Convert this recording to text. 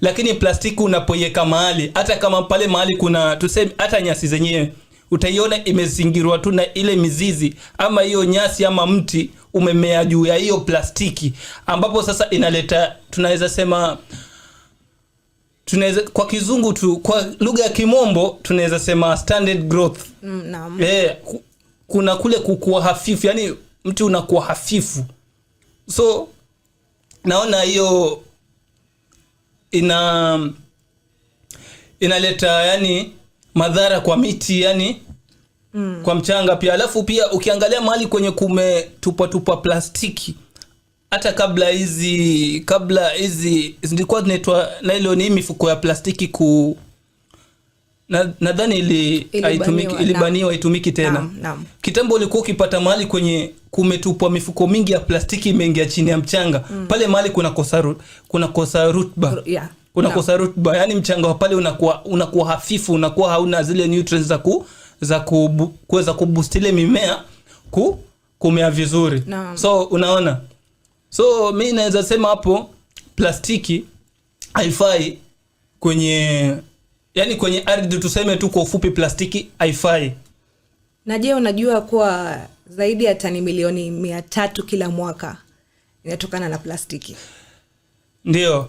Lakini plastiki unapoiweka mahali, hata kama pale mahali kuna tuseme, hata nyasi zenyewe utaiona imezingirwa tu na ile mizizi ama hiyo nyasi ama mti umemea juu ya hiyo plastiki, ambapo sasa inaleta tunaweza sema tunaweza kwa kizungu tu, kwa lugha ya Kimombo tunaweza sema standard growth mm, Eh, kuna kule kukua hafifu, yani mti unakuwa hafifu, so naona hiyo ina inaleta yani madhara kwa miti yani mm. kwa mchanga pia alafu pia ukiangalia mahali kwenye kumetupatupa plastiki hata kabla hizi kabla hizi zilikuwa zinaitwa nailo ni mifuko ya plastiki ku nadhani na ilibaniwa itumiki tena. Kitambo ulikuwa ukipata mahali kwenye kumetupwa mifuko mingi ya plastiki imeingia chini ya mchanga mm. Pale mahali kuna kosa rutba yeah. Kunakosa rutba, yani mchanga wa pale unakuwa unakuwa hafifu, unakuwa hauna zile nutrients za ku za kuweza kubustile mimea ku kumea vizuri no. So unaona, so mi naweza sema hapo plastiki haifai kwenye yani kwenye ardhi tuseme tu kwa ufupi, plastiki haifai. naje unajua kuwa zaidi ya tani milioni mia tatu kila mwaka inatokana na plastiki? Ndio,